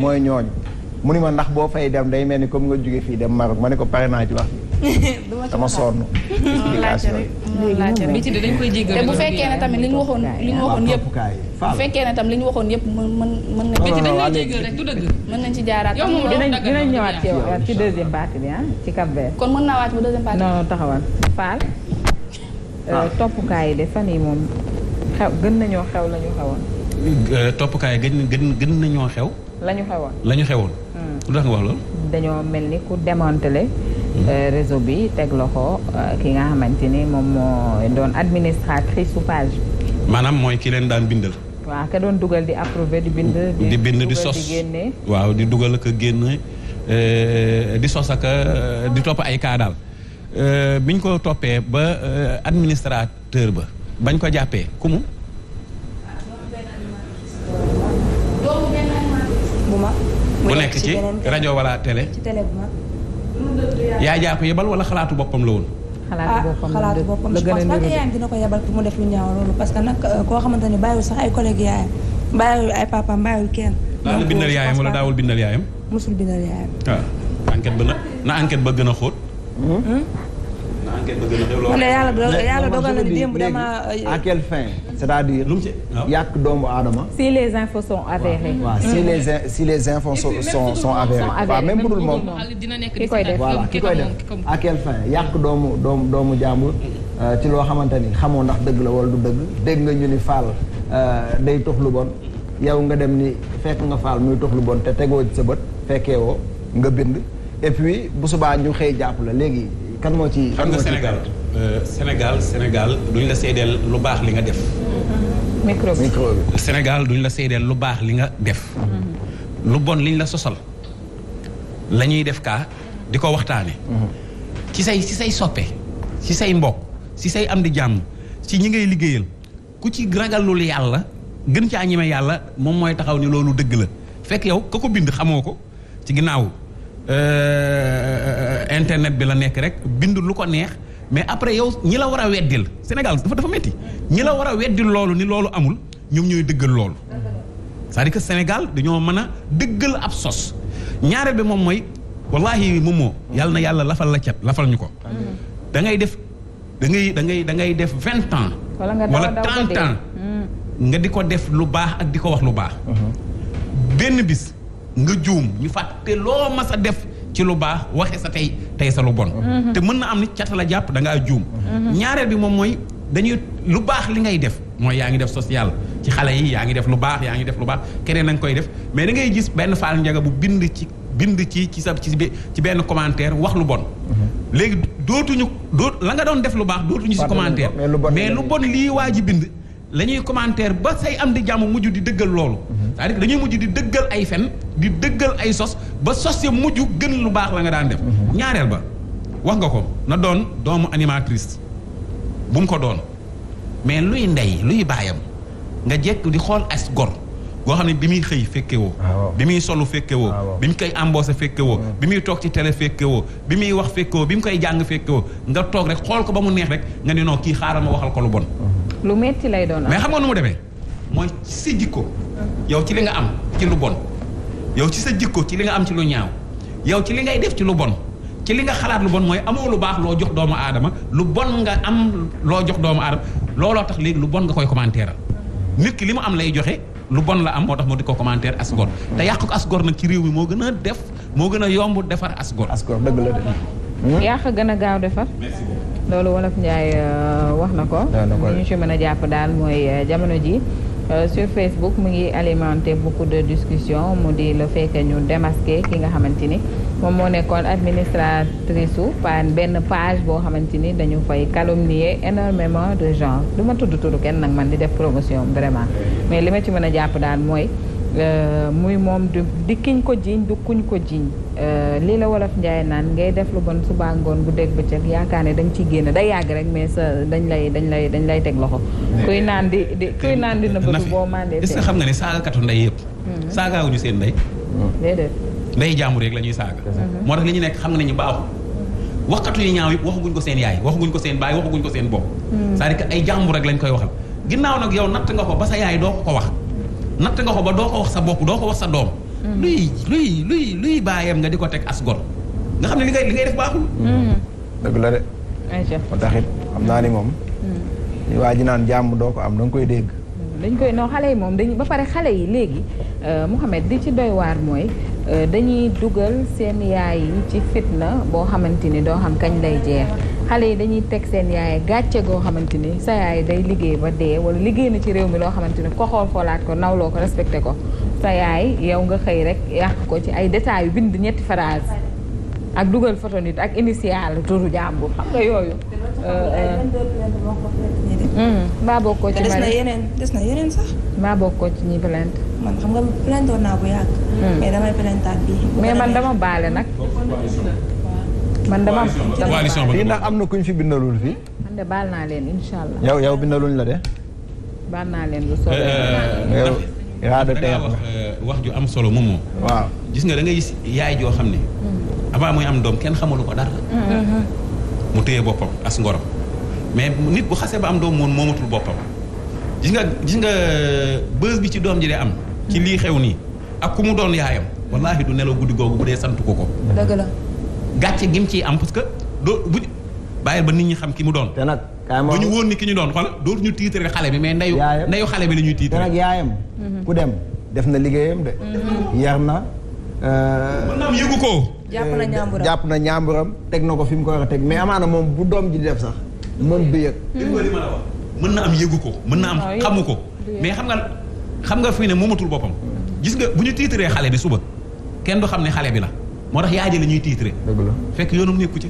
mooy ñooñu mu ni ma ndax boo fay dem day mel ni comme nga jóge fii dem Maroc ma ne ko pare naa ci wax dama sonn explication te bu fekkee ne tamit li ñu waxoon li ñu waxoon fekkee ne tam li ñu waxoon yëpp mën mën mën nañ ci dañ lay jéggal rek mën nañ ci jaaraat dinañ ñëwaat ci ci deuxième bi ah ci Cap Vert kon mën naa wàcc ba deuxième partie non non taxawal Fall euh, ah. toppukaay yi de fan yi moom xew gën nañoo xew la ñu xewoon Euh, toppkaay gën gën gën nañoo xew. la ñu xewoon la ñu xewoon. Hmm. lu tax nga wax loolu. dañoo mel ni ku démantelé. Hmm. Euh, réseau bi teg loxo euh, ki nga xamante ni moom moo doon administratrice su page maanaam mooy ki leen daan bindal. waa ka doon dugal di approuvé di bind. di bind di sos waaw di dugal ak génn di sos ak di topp ay kaa daal. biñ ko toppee ba administrateur ba bañ ko jàppee ku mag mu nekk ci rajo wala télé ci télé bu yaa jaa ko yebal wala xalaatu boppam ah, la woon xalaatu boppam je pense pas que yaayam dina ko yebal pour mu def lu ñaaw loolu parce que nag euh, koo xamante ni bàyyiwul sax ay collègues yaayam bàyyiwul ay papaam bàyyiwul kenn daal bindal yaayam wala daawul bindal yaayam mosul bindal yaayam waaw ah, enquête ba na na enquête ba gën a xóot hmm? Hmm? ngeen bëgg a yàlla euh, fin c'est-à-dire. Ah. yàq doomu aadama. les infos sont les si les infos sont sont sont avérées. waaw même moom ki koy def voilà ki koy def à quelle fin yàq doomu doomu doomu jàmbur. Euh, ci loo xamante ni xamoo ndax dëgg la wala du dëgg dégg nga ñu ni faal euh, day tox lu bon yow nga dem ni fekk nga faal muy tox lu bon te tegoo ci sa bët fekkee woo nga bind et puis bu subaa ñu xëy jàpp la léegi kan moo ci xam nga Sénégal euh, Sénégal Sénégal duñ la seedeel lu baax li nga def. micro bi duñ la seedeel lu baax li nga def. lu bon liñ la sosal la ñuy def kaa di ko waxtaane mhm. ci say say soppe ci say mbokk ci say am di jàmm ci ñi ngay liggéeyal ku ci ragalul yàlla gën caa ñeme yàlla moom mooy taxaw ni loolu dëgg la fekk yow ka ko bind xamoo ko ci ginnaaw. Euh, euh, internet bi la nekk rek bindu lu ko neex mais après yow ñi la war a weddil Sénégal dafa dafa métti ñi la war a weddil loolu ni loolu amul ñoom ñooy dëggal loolu c'est-à-dire que Sénégal dañoo mën a dëggal ab sos ñaareel bi moom mooy wallahi moom moo yàlla na yàlla lafal la cat lafal ñu ko da ngay def da ngay da ngay da ngay def vingt ans wala trente ans hmm. nga di ko def lu baax ak di ko wax lu baax uh-huh. benn bis nga juum ñu fàtte loo mas a def ci lu baax waxe sa tey tey sa lu bon mhm. te mën na am ni cata la jàpp da ngaa juum mhm. ñaareel bi moom mooy dañuy lu baax li ngay def mooy yaa ngi def social ci xale yi yaa ngi def lu baax yaa ngi def lu baax keneen na nga koy def mais da ngay gis benn faal njaga bu bind ci bind ci ci sa ci benn commentaire wax lu bon mhm. léegi dootuñu doot la nga doon def lu baax dootuñu si commentaire mais lu bon lii waa ji bind la ñuy commentaire ba say am di jàmm mujj di dëggal loolu. Mhm. cest à dañuy mujj di dëggal ay fen di dëggal ay sos ba sos ya mujj gën lu baax la nga daan def. Mhm. ñaareel ba wax nga ko na doon doomu animatrice bu mu ko doon mais luy ndey luy baayam nga jekk di xool as gor. goo xam ne bi muy xëy fekke woo ah, bi muy solu fekke woo ah, bi mu koy embauché fekke woo mm. bi muy toog ci télé fekke woo bi muy wax fekke bi mu koy jàng fekke woo nga toog rek xool ko ba mu neex rek nga ne non kii xaaral ma waxal ko lu bon mm-hmm. lu metti lay doon mais xam nga nu mu demee mooy ci sa jikko yow ci li nga am ci lu yow ci sa jikko ci li nga am ci lu ñaaw yow ci li ngay def ci lu bon ci li nga xalaat lu bon mooy amoo lu baax loo jox doomu aadama lu bon nga am loo jox doomu aadama looloo tax léegi lu bon nga koy commentaire nit ki li mu am lay joxe lu bon la am moo tax moo di ko commentaire as te yàq ko as nag ci réew mi moo gën a def moo gën a yomb defar as gor. dëgg la de. Hmm? yàq gën a gaaw defar. loolu wolof Njaay euh, wax na ko li ñu ci mën a jàpp daal mooy euh, jamono ji euh, sur Facebook mu ngi alimenter beaucoup de discussions mu di le fait que ñu démasqué ki nga xamante ni moom moo nekkoon administratrice su par benn page boo xamante ni dañu fay calomnier énormément de gens du ma tudd tudd kenn nag man di def promotion vraiment mais li ma ci mën a jàpp daal mooy Euh, muy moom du di kiñ ko jiiñ du kuñ ko jiiñ euh, lii la wolof njaay naan ngay def lu bon suba ngoon bu dégg bëccëg yaakaar ne dañ nga ciy génn day yàgg rek mais dañ lay dañ lay dañ lay teg loxo. kuy naan di di kuy naan di nëbbatu boo mandee est-ce xam nga ne saagakatu ndey yëpp. Mm-hmm. saagaawuñu seen ndey. Mm-hmm. déedéet. ndey jàmbur rek la ñuy saaga. Mm-hmm. moo tax li ñu nekk xam nañu baaxul. waxkatu yu ñaaw yëpp waxaguñ ko seen yaay waxaguñ ko seen baay waxaguñ ko seen bopp. c'est-à-dire que ay jàmbur rek lañ koy waxal. ginnaaw nag yow natt nga ko ba yaay doo ko ko wax natt nga ko ba doo ko wax sa bopp doo ko wax sa doom. Mm. luy luy luy luy bàyyam nga di ko teg as gor nga xam ne li ngay li ngay def baaxul. Mm. dëgg la de. moo taxit xam naa ni moom. Mm. waa ji naan jàmm doo ko am da koy dégg. dañ koy non xale yi moom dañu ba pare xale yi léegi euh, Mouhamed di ci doy waar mooy euh, dañuy dugal seen yaay yi ci fitna boo xamante ni doo xam kañ lay jeex. xale yi dañuy teg seen yaay gàcce goo xamante ni sa yaay day liggéey ba dee wala liggéey na ci réew mi loo xamante ni ko xool xoolaat ko nawloo ko respecté ko sa yaay yow nga xëy rek yàq ko ci ay détails yu bind ñetti phrase ak dugal foto nit ak initial turu jàmbur xam nga yooyu. Euh, euh, mm, mbaa bokkoo ci des na yeneen ci ñi plainte. man xam nga plainte naa bu yàgg. Mm. mais man dama baale nag. man dama coalition ba ndax am na kuñ fi bindalul fii. man de baal naa leen incha allah. yow yow bindaluñ la de. baal naa leen lu solo. Eh, eh, yow yaa eh, wax ju am solo moom waaw gis nga dangay yaay joo xam ne. Hmm. avant mooy am doom kenn xamalu ko dara. Hmm, hmm, mu téye boppam as ngorom. mais nit bu xasee ba am doom moom moomatul boppam. gis nga gis nga bës bi ci doom ji de am. ci lii xew nii ak ku mu doon yaayam. wallaahi du nelaw guddi googu bu dee sant ko ko. gàcce gi mu ci am parce que doo bu bàyyil ba nit ñi xam ki mu doon. te nag kaay ñu wóor ni ki ñu doon xool dootu ñu tiitre xale bi mais ndeyu. ndeyu xale bi la ñuy tiitre. te nag yaayam. Mhm. ku dem def na liggéeyam de. Mhm. na. Euh, mën naa ko. jàpp na ñaamburam jàpp na ñaamburam teg na ko fi mu ko war a teg mais amaana moom bu doom ji di sax moom du mën na am yëgu ko mën na am xamu ko mais xam nga xam nga fii ne moomatul boppam gis nga bu ñu tiitree xale bi suba kenn du xam ne xale bi la moo tax yaay ji la ñuy tiitre. fekk yoonum nekku ci.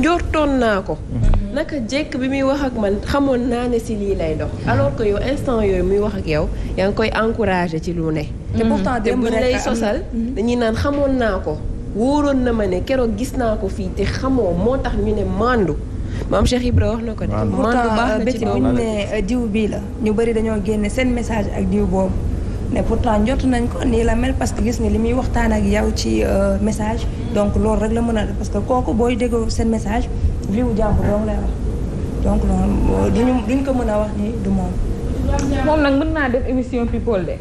njortoon naa ko. naka jekk bi muy wax ak man xamoon naa ne si lii lay dox. alors que yow instant yooyu muy wax ak yow yaa ngi koy encouragé ci lu ne. te mm. pourtant démb rek lay sosal. Mm-hmm. dañuy naan xamoon naa ko. wóoroon na ma ne keroog gis naa ko fii te xamoo moo tax ñu ne mandu maam Cheikh Ibra wax na ko de. mandu baax na ci euh, ne euh, diw bii la. ñu bari dañoo génne seen message ak diw boobu. mais pourtant njot nañ ko nii la mel parce que gis nga li muy waxtaan ak yow ci euh, message donc loolu rek la mën a parce que kooku booy déggoo seen message vie wu jàmbur dong lay wax donc loolu euh, duñu duñ ko mën a wax ni du moom. moom nag mën naa def émission people de.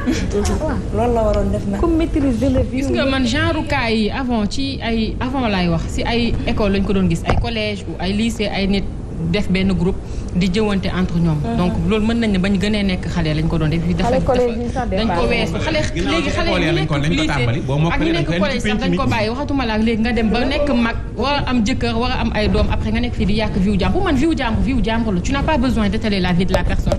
waaw loolu la waroon def nag. comme maîtriser la vie. nga man genre cas yi avant ci ay avant laay wax si ay école lañ ko doon gis ay collège ou ay lycée ay nit. def benn groupe di jëwante entre ñoom. Mm-hmm. donc loolu mën nañ ne bañ gënee nekk xale lañ ko doon def. xale collège yi sax dañ ko weesu xale léegi xale yi nekk lycée sax dañ ko bàyyi waxatuma laa léegi nga dem ba nekk mag war a am jëkkër war a am ay doom après nga nekk fii di yàq viwu jàmbur man viwu jàmbur viwu jàmbur la tu n'as pas besoin d'étaler la vie la personne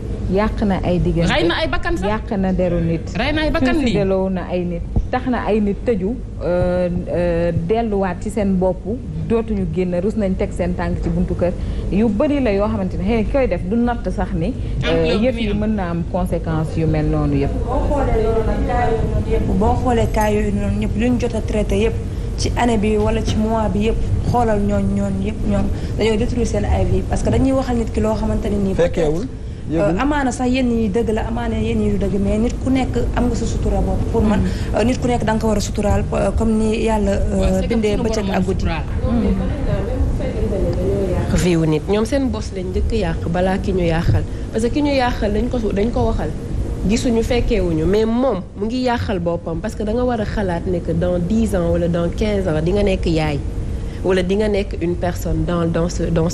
yàq na ay diggante rey na ay bakkan sax yàq na dero nit. rey na bakkan nii suusideloo na ay nit. tax na ay nit tëju euh, euh, delluwaat ci seen bopp dootuñu génn rus nañ teg seen tànk ci buntu kër yu bëri la yoo xamante ne xëy koy def du natt sax ni. Euh, yëpp yu mën na am conséquence yu mel noonu yëpp. boo xoolee kaa yooyu noonu yëpp boo xoolee luñ jot traité yëpp. ci année bi wala ci mois bi yëpp xoolal ñooñ ñooñ yëpp ñoom dañoo détruire seen ay vie parce que dañuy waxal nit ki loo xamante ne nii. fekkeewul Euh, amaana sax yenn yi dëgg la amaana yenn yi du dëgg mais nit ku nekk am nga sa sutura bopp pour man mm-hmm. euh, nit ku nekk da nga ko war a suturaal euh, comme ni yàlla bindee bëccëg ak guddi mm-hmm. viwu nit ñoom seen bos lañ njëkk yàq balaa ki ñu yàqal parce que ki ñu yàqal dañ ko dañ ko waxal gisuñu fekkeewuñu mais moom mu ngi yàqal boppam parce que da nga war a xalaat ne que dans dix ans wala dans quinze ans di nga nekk yaay wala di nga nekk une personne dans dans ce dans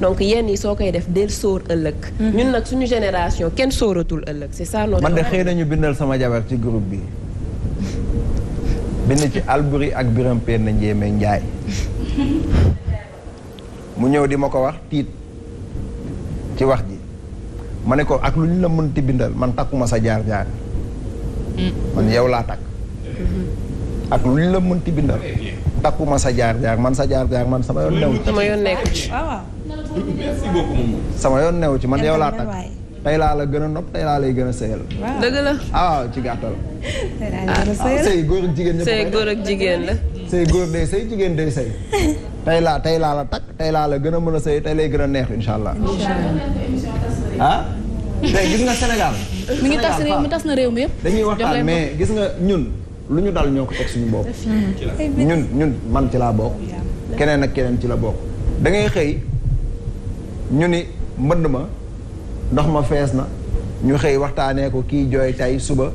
donc yenn yi soo koy def del sóor ëllëg mhm. ñun nag suñu génération kenn sóoratul ëllëg c'est ça notre man de xëy nañu bindal sama jabar ci groupe bi bind ci Albouri ak Biram Penn Njéeme Njaay mu ñëw di ma ko wax tiit ci wax ji ma ne ko ak lu ñu la mënti bindal man takkuma sa jaar-jaar mm. laa takk mhm. ak lu ñu la mënti bindal takku ma sa jaar jaar man sa jaar jaar man sama yoon new ci sama yoon new ah, ci man yow laa takk tey laa la gën a nopp tey laa lay gën a sëyal ah, ci gàttal ah, sëy góor ak jigéen jigéen la sëy góor day sëy jigéen day sëy tey laa tey laa la takk tey laa la gën a mën a sëy tey lay gën a neex insha allah ah tey gis nga Sénégal mi ngi tas na réew mi yëpp dañuy waxtaan mais gis nga ñun lu ñu dal ñoo ko teg suñu bopp ñun ñun man ci laa bokk keneen ak keneen ci la bokk da ngay xëy ñu ni mbënd ma ndox ma fees na ñu xëy waxtaanee ko kii jooy tey suba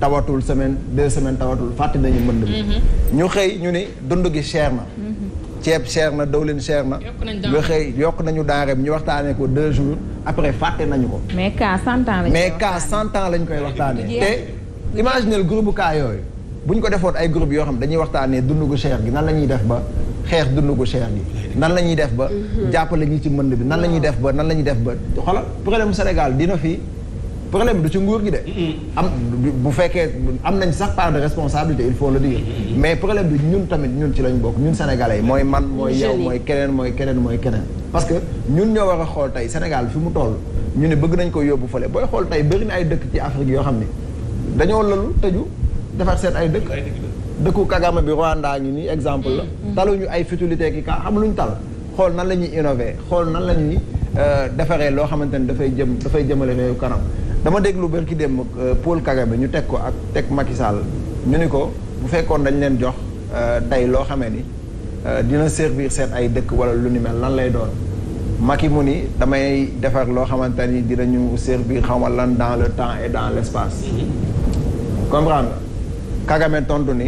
tawatul semaine deux semaines tawatul fàtte nañu mbënd mi mm-hmm. ñu xëy ñu ni dund gi cher na mm-hmm. ceeb cher na dawlin cher na ñu xëy yokk nañu denrée bi ñu waxtaanee ko deux jours après fàtte nañu ko mais cas cent ans lañ koy waxtaanee te imaginez le groupe cas yooyu bu ñu ko defoon ay groupe yoo xam dañuy waxtaanee dund gu cher gi nan la ñuy def ba xeex dund gu cher gi nan la ñuy def ba mhm. jàppale ñi ci mën bi nan la ñuy def ba nan la ñuy def ba xoolal problème Sénégal dina fii problème du ci nguur gi de am bu fekkee am nañ sax part de responsabilité il faut le dire mais problème bi ñun tamit ñun ci lañ bokk ñun sénégalais mooy man mooy yow mooy keneen mooy keneen mooy keneen parce que ñun ñoo war a xool tey Sénégal fi mu toll ñu ne bëgg nañ ko yóbbu fële booy xool tey bëri na ay dëkk ci Afrique yoo xam ne defar seen ay dëkk dëkku Kagame bi Rwanda ngi nii exemple la mm-hmm. ñu ay futilité ki kaa lu ñu tal xool nan la ñuy innové xool nan la ñuy euh, defaree loo xamante ni dafay jëm dafay jëmale réew kanam dama déglu bërki dem euh, Paul Kagame ñu teg ko ak teg Macky Sall ñu ni ko bu fekkoon dañ leen jox euh, tey loo xamee ni dina servir seen ay dëkk wala lu ni mel lan lay doon Macky mu ni damay defar loo xamante ni dinañu servir xaw ma lan dans le temps et dans l' espace mm-hmm. Kagame tontu ni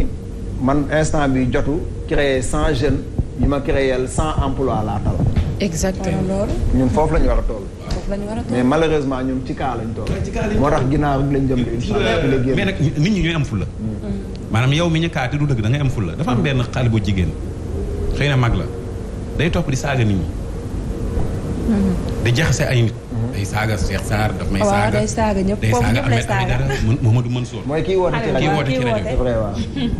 man instant bi jotu créer cent jeunes ñu ma créer cent emplois laa tal. exactement ñun foofu la ñu war a toll. mais malheureusement ñun ci kaa lañ toll. moo tax ginnaaw rek lañ jëm di. incha allah mais nag nit ñi ñooy am fulla. Mm. maanaam yow mi ñu kaa te du dëgg da am fulla dafa am benn xale bu jigéen xëy na mag la day topp di saaga nit ñi. Mm-hmm. di jaxase ay nit. day saaga Cheikh saar daf may saaga. waaw day saaga ñëpp foofu ñëpp lay saaga day saaga Mamadou mooy kii woote ci rajo kii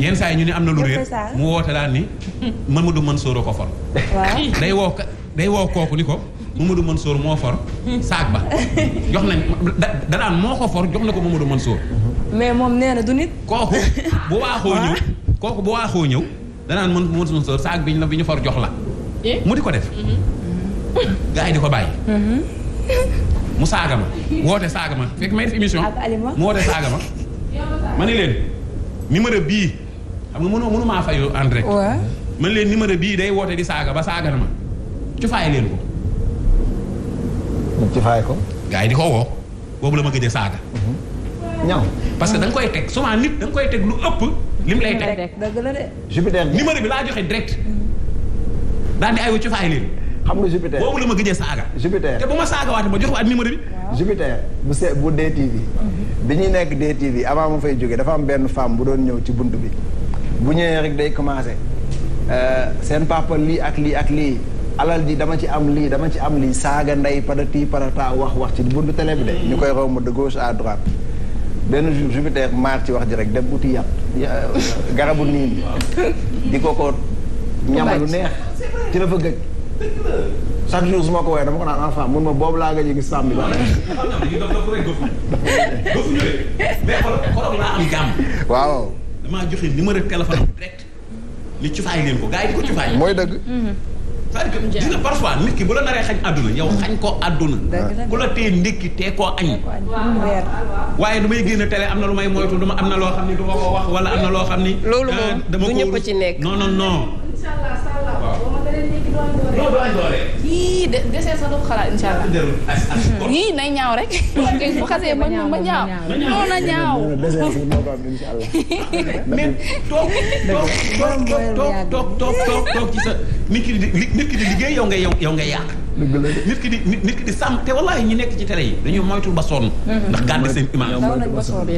yenn saa yi ñu ne am na lu réer mu woote daal ni Mamadou Mansour a ko for. waaw day woo day woo kooku ni ko. Mamadou Mansour moo for. saag ba jox nañ da moo ko for jox na ko Mamadou Mansour. mais moom nee na du nit. kooku bu waaxoo ñëw kooku bu waaxoo ñëw. danaan mën Mamadou Mansour saag bi ñu la bi ñu for jox la. Eh? mu di ko def. Mm-hmm. gars yi di ko bàyyi. Mm-hmm. mu saaga ma woote saaga ma fekk may def émission mu woote saaga ma ma ni leen numéro bii xam nga mënu mënu maa fayu en direct man leen numéro bii day woote di saaga ba saaga na ma cufaay leen ko cufaay ko gars yi di ko woo boobu la ma gëj a saaga mhm. ñaw parce que da koy teg souvent nit da koy teg lu ëpp mu lay teg numéro bi laa joxe direct mhm. daal di ay wa cufaay leen xam nga Jupiter boobu la ma gëjee saaga. Jupiter te bu ma saaga waatee ma jox ko ak numéro bi. Jupiter bu see bu DTV. Mhm. bi ñuy nekk DTV avant mu fay jógee dafa am benn femme bu doon ñëw ci bunt bi bu ñëwee rek day commencé euh, seen papa lii ak lii ak lii. alal ji dama ci am lii dama ci am lii saaga ndey parati parata wax wax ci buntu télé bi de. ñu koy romb de gauche à droite. benn jour Jupiter maar ci wax ji rek dem buti yàq garabu niin di ko ko ñamalu chaque jour su ma ko woowee dama ko naan enfant mun ma boobu laa gëj a gis sàmm bi ba pare. waaw. damaa joxe numéro téléphone direct li cufaay leen ko gars yi di ko cufaay. mooy dëgg. que dina parfois nit ki bu la naree xañ àdduna yow mm-hmm. xañ ko àdduna ku la tee ndékki tee koo añ waaye damay génn télé am na lu may moytu dama am na loo xam ni du ma ko wax wala am na loo xam ni loolu moom ah, du ñëpp ci nekk non non doo añ doole. yii de desee sa doog xalaat incha allah. Mhm. yii nay ñaaw rek. bu xasee ba ñaaw ba ñaaw. non na ñaaw. mais toog toog toog toog toog toog ci sa nit ki di nit ki di liggéey yow ngay yow ngay yàq. nit ki di nit ki di sàmm te wallaahi ñi nekk ci télé yi dañuy moytu ba sonn. Mhm. ndax gàdd seen image.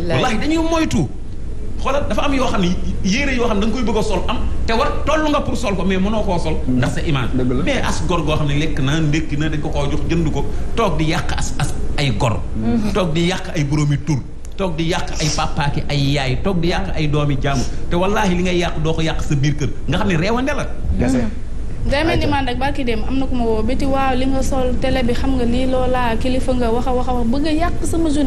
wallaahi dañuy moytu. xoolal dafa am yoo xam ne yére yoo xam ne da nga koy bëgg a sol am te war toll nga pour sol ko mais mënoo koo sol mm. ndax sa image mais as gor goo xam ne lekk na ndékki na dañ ko koo jox jënd ko toog di yàq as as ay gor mm-hmm. toog di yàq ay boroomi tur toog di yàq ay papaaki ay yaay toog di yàq ay doomi jaamu te wallaahi li ngay yàq doo ko yàq sa biir kër nga xam ne reewande la mm-hmm. day mel ni man rek barki dem am na ku ma woo béti waaw li nga sol télé bi xam nga kilifa nga wax a wax a wax bëgg a